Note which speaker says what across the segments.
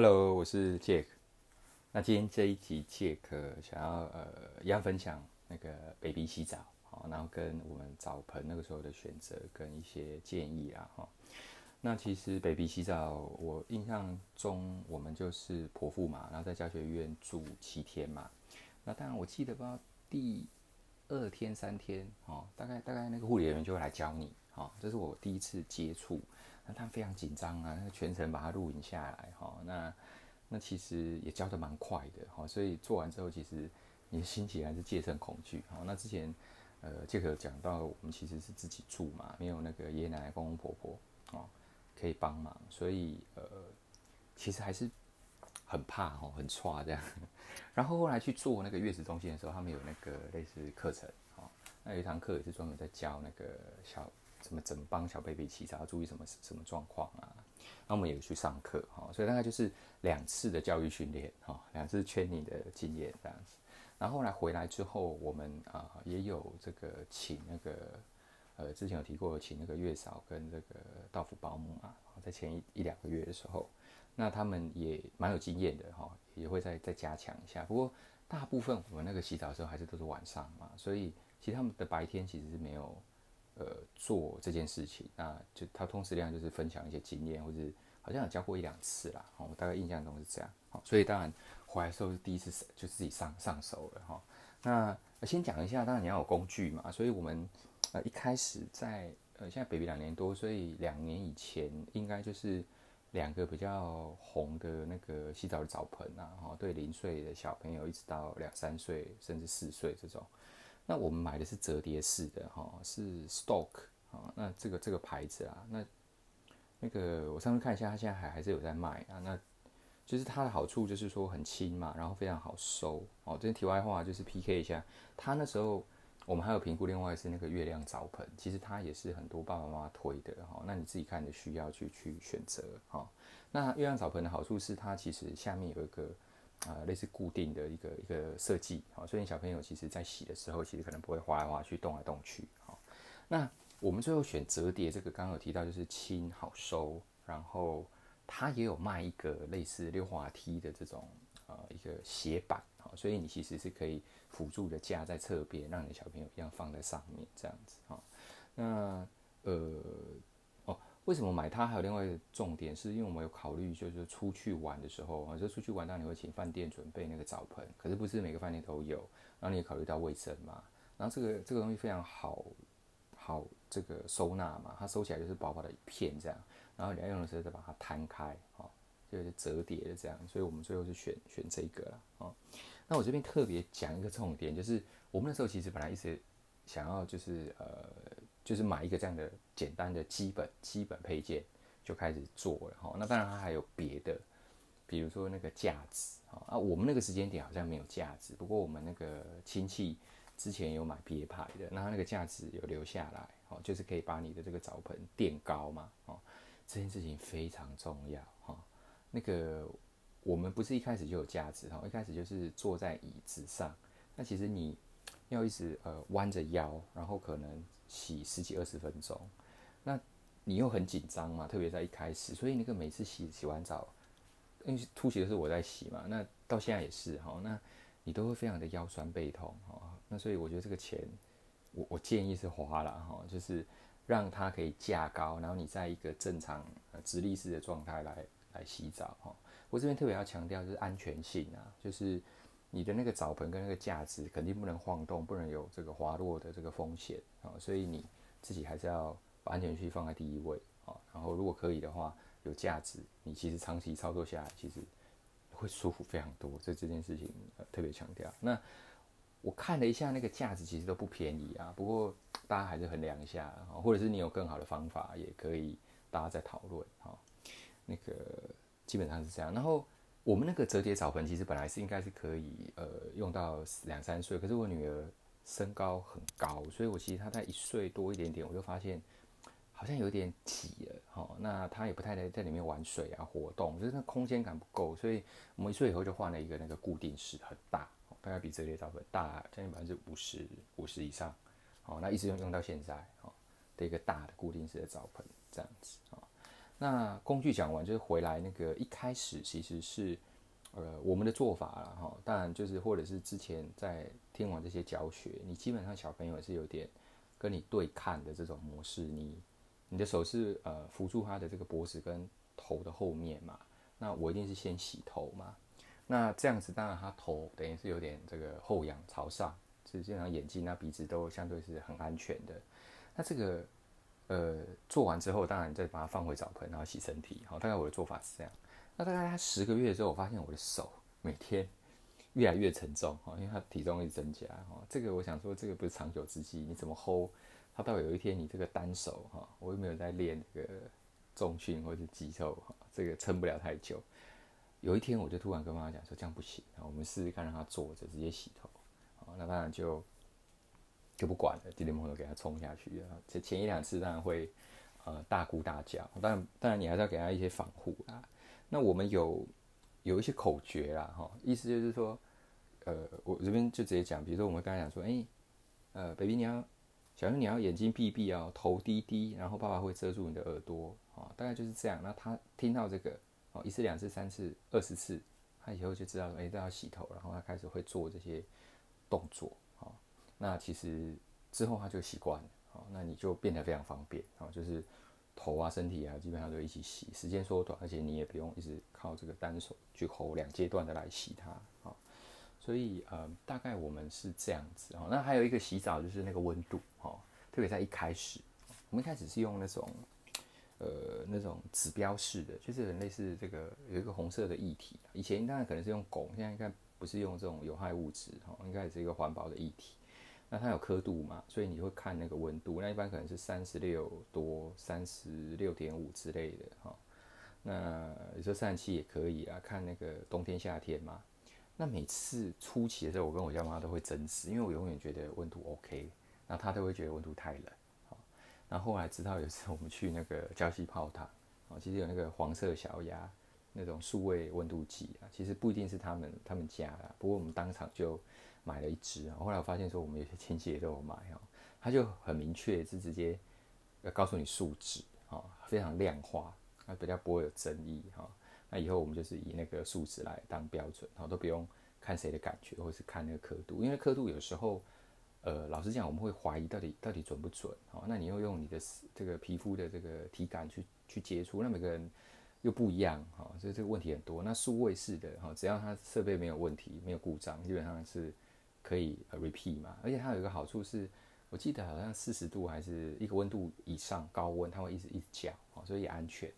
Speaker 1: Hello，我是 Jack。那今天這一集，Jack 想要呃，一樣分享那個 Baby 洗澡，然後跟我們澡盆那個時候的選擇跟一些建議啦，哈。那其實 Baby 洗澡，我印象中我們就是剖腹嘛，然後在教學院住七天嘛。那當然，我記得不知道第二天、三天，哦，大概大概那個護理人員就會來教你，哦。這是我第一次接觸。那他非常緊張啊，那全程把他錄影下來哈。那那其實也教得蠻快的哈，所以做完之後，其實你的心情還是戒慎恐懼。好，那之前呃，杰克有講到我們其實是自己住嘛，沒有那個爺爺奶奶、公公婆婆哦，可以幫忙，所以呃，其實還是很怕哦，很剉這樣。 然後後來去做那個月子中心的時候，他們有那個類似課程，那有一堂課也是專門在教那個小。怎麼怎麼幫小 baby 洗澡，要注意什麼什麼狀況啊？那我們也有去上課哈、哦，所以大概就是兩次的教育訓練哈、哦，兩次 training 的經驗這樣子。然後來回來之後，我們啊、呃、也有這個請那個呃，之前有提過，請那個月嫂跟這個到府保姆嘛、啊哦，在前一一兩個月的時候，那他們也蠻有經驗的哈、哦，也會再再加強一下。不過大部分我們那個洗澡的時候還是都是晚上嘛，所以其實他們的白天其實是沒有。呃，做這件事情，那就他同時量，就是分享一些經驗，或者好像有教過一兩次啦，我大概印象中是這樣。所以當然回來的時候是第一次就自己上上手了哈。那先講一下，當然你要有工具嘛，所以我們呃一開始在呃現在 baby 兩年多，所以兩年以前應該就是兩個比較紅的那個洗澡的澡盆吶、啊，對零歲的小朋友一直到兩三歲甚至四歲這種。那我們買的是摺疊式的哈，是 stock 啊，那這個這個牌子啊，那那個我上次看一下，它現在還還是有在賣啊。那就是它的好處就是說很輕嘛，然後非常好收哦。這題外話就是 PK 一下，它那時候我們還有評估，另外是那個月亮澡盆，其實它也是很多爸爸媽媽推的哈。那你自己看你的需要去去選擇哈。那月亮澡盆的好處是它其實下面有一個。啊、呃，類似固定的一個一個設計啊，所以你小朋友其實在洗的時候，其實可能不會滑來滑去，動來動去啊。那我們最後選折疊這個，剛剛有提到就是輕、好收，然後它也有賣一個類似溜滑梯的這種呃一個斜板啊，所以你其實是可以輔助的架在側邊，讓你小朋友一樣放在上面這樣子啊。那呃。為什麼買它？還有另外一個重點，是因為我們有考慮，就是出去玩的時候啊，就是，出去玩，當你會請飯店準備那個澡盆，可是不是每個飯店都有，然後你也考慮到衛生嘛，然後這個這個東西非常好，好這個收納嘛，它收起來就是薄薄的一片這樣，然後你要用的時候再把它攤開，啊，這個是折疊的這樣，所以我們最後就選選這個了啊。那我這邊特別講一個重點，就是我們那時候其實本來一直想要就是呃。就是買一個這樣的簡單的基本基本配件，就開始做了哈。那當然它還有別的，比如說那個架子哈，啊，我們那個時間點好像沒有架子，不過我們那個親戚之前有買別牌的，那他那個架子有留下來哦，就是可以把你的這個澡盆墊高嘛哈，這件事情非常重要哈。那個我們不是一開始就有架子哈，一開始就是坐在椅子上，那其實你。要一直呃彎着腰，然後可能洗十幾二十分鐘，那你又很緊張嘛，特別在一開始，所以那個每次洗洗完澡，因為突襲的時候我在洗嘛，那到現在也是哈、哦，那你都會非常的腰痠背痛哈、哦，那所以我覺得這個錢，我我建議是花啦哈、哦，就是讓它可以架高，然後你在一個正常直立式的狀態來來洗澡哈、哦，我這邊特別要強調就是安全性啊，就是。你的那個澡盆跟那個架子肯定不能晃動，不能有這個滑落的這個風險啊、哦！所以你自己還是要把安全區放在第一位啊、哦。然後如果可以的話，有架子，你其實長期操作下來其實會舒服非常多，所以這件事情、呃、特別強調。那我看了一下那個架子，其實都不便宜啊。不過大家還是衡量一下、哦，或者是你有更好的方法，也可以大家再討論啊、哦。那個基本上是這樣，然後。我們那個折疊澡盆其實本來是應該是可以，呃，用到兩三歲。可是我女兒身高很高，所以我其實她在一歲多一點點，我就發現好像有點擠了哈、哦。那她也不太能在裡面玩水啊，活動，就是那空間感不夠。所以我們一歲以後就換了一個那個固定式，很大、哦，大概比折疊澡盆大將近百分之五十，五十以上。哦，那一直用用到現在哈、哦、的一個大的固定式的澡盆，這樣子。那工具講完，就是回來那個一開始其實是，呃，我們的做法啦，哈。當然就是，或者是之前在聽完這些教學，你基本上小朋友也是有點跟你對抗的這種模式。你你的手是呃扶住他的這個脖子跟頭的後面嘛？那我一定是先洗頭嘛？那這樣子，當然他頭等於是有點這個後仰朝上，實際上眼睛啊鼻子都相對是很安全的。那這個。呃，做完之後，當然你再把它放回澡盆，然後洗身體。好，哦，大概我的做法是這樣。那大概他十個月之後，我發現我的手每天越來越沉重。哈，哦，因為他體重一直增加，哈，哦，這個我想說，這個不是長久之計。你怎麼 hold？他到有一天，你這個單手，哈，哦，我又沒有在練那個重訓或者肌肉，哈，哦，這個撐不了太久。有一天，我就突然跟媽媽講說，這樣不行，哦，我們試試看讓他坐着直接洗頭。哦，那當然就。就不管了，直接用會給他沖下去。前前一兩次當然會，呃，大哭大叫，當然當然你還是要給他一些防護啊，那我們有有一些口訣啦，吼，意思就是說，呃，我這邊就直接講，比如說我們剛才講說，哎，呃，baby 你要，假如你要眼睛閉閉哦，頭低低，然後爸爸會遮住你的耳朵，哦，大概就是這樣。那他聽到這個，哦，一次、兩次、三次、二十次，他以後就知道，哎，都要洗頭，然後他開始會做這些動作。那其實之後他就習慣了，好，那你就變得非常方便，好，就是頭啊、身體啊，基本上都一起洗，時間縮短，而且你也不用一直靠這個單手去摳兩階段的來洗它，好，所以呃，大概我們是這樣子，好，那還有一個洗澡就是那個溫度，哈，特別在一開始，我們一開始是用那種呃那種指標式的，就是很類似這個有一個紅色的液體，以前當然可能是用汞，現在應該不是用這種有害物質，哈，應該也是一個環保的液體。那它有刻度嘛，所以你會看那個溫度，那一般可能是三十六多、三十六點五之類的哈。那有時候散氣也可以啊，看那個冬天夏天嘛。那每次初期的時候，我跟我家媽都會爭執，因為我永遠覺得溫度 OK，那她都會覺得溫度太冷。好，然後後來直到有一次我們去那個礁溪泡湯，哦，其實有那個黃色小鴨。那種數位溫度計啊，其實不一定是他們他們家的。不過我們當場就買了一支啊。後來我發現說，我們有些親戚也都有買哈。他就很明確，是直接要告訴你數值啊，非常量化，那比較不會有爭議哈。那以後我們就是以那個數值來當標準，然後都不用看誰的感覺，或是看那個刻度，因為刻度有時候，呃，老實講我們會懷疑到底到底準不準。好，那你要用你的這個皮膚的這個體感去去接觸，那每個人。又不一樣哈，所以這個問題很多。那數位式的哈，只要它設備沒有問題，沒有故障，基本上是可以 repeat 嘛。而且它有一個好處是，我記得好像四十度還是一個溫度以上高溫，它會一直一直叫，所以也安全，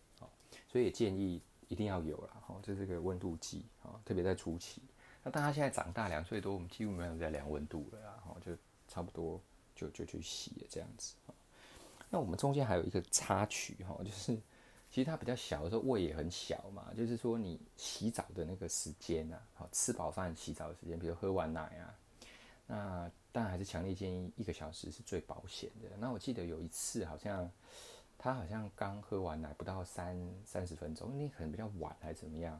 Speaker 1: 所以也建議一定要有啦。哈，這是個溫度計，特別在初期。那當他現在長大兩歲多，我們基本沒有再量溫度了啦。就差不多就就去洗了這樣子。那我們中間還有一個插曲哈，就是。其實他比較小的時候，胃也很小嘛，就是說你洗澡的那個時間啊，好，吃飽飯洗澡的時間，比如喝完奶啊，那當然還是強烈建議一個小時是最保險的。那我記得有一次好像，他好像剛喝完奶不到三三十分鐘，那可能比較晚還是怎麼樣，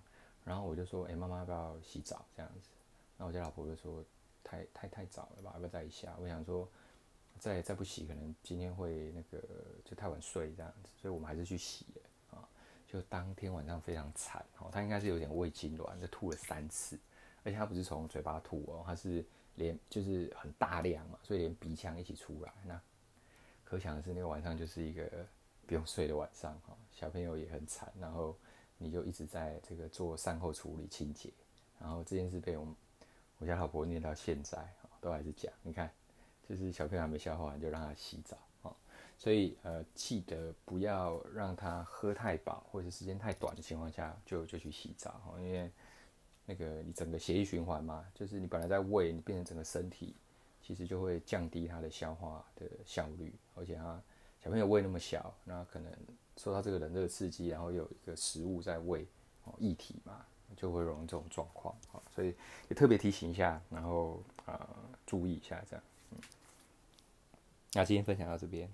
Speaker 1: 然後我就說：“哎，媽媽要不要洗澡？”這樣子，那我家老婆就說：“太太太早了吧，要不要再一下？”我想說再，再不洗，可能今天會那個就太晚睡這樣子，所以我們還是去洗。就當天晚上非常慘哦，他應該是有點胃痙攣，就吐了三次，而且他不是從嘴巴吐哦，他是連就是很大量嘛，所以連鼻腔一起出來。那可想而知，那個晚上就是一個不用睡的晚上哦，小朋友也很慘，然後你就一直在這個做善後處理清潔，然後這件事被我我家老婆念到現在哦，都還是講，你看，就是小朋友還沒消化完就讓他洗澡。所以呃，記得不要讓他喝太飽，或者是時間太短的情況下，就就去洗澡哦。因為那個你整個血液循環嘛，就是你本來在胃，你變成整個身體其實就會降低他的消化的效率，而且他小朋友胃那麼小，那可能受到這個冷熱刺激，然後有一個食物在胃哦，液體嘛，就會容易這種狀況、哦。所以也特別提醒一下，然後啊、呃，注意一下這樣。嗯，那今天分享到這邊。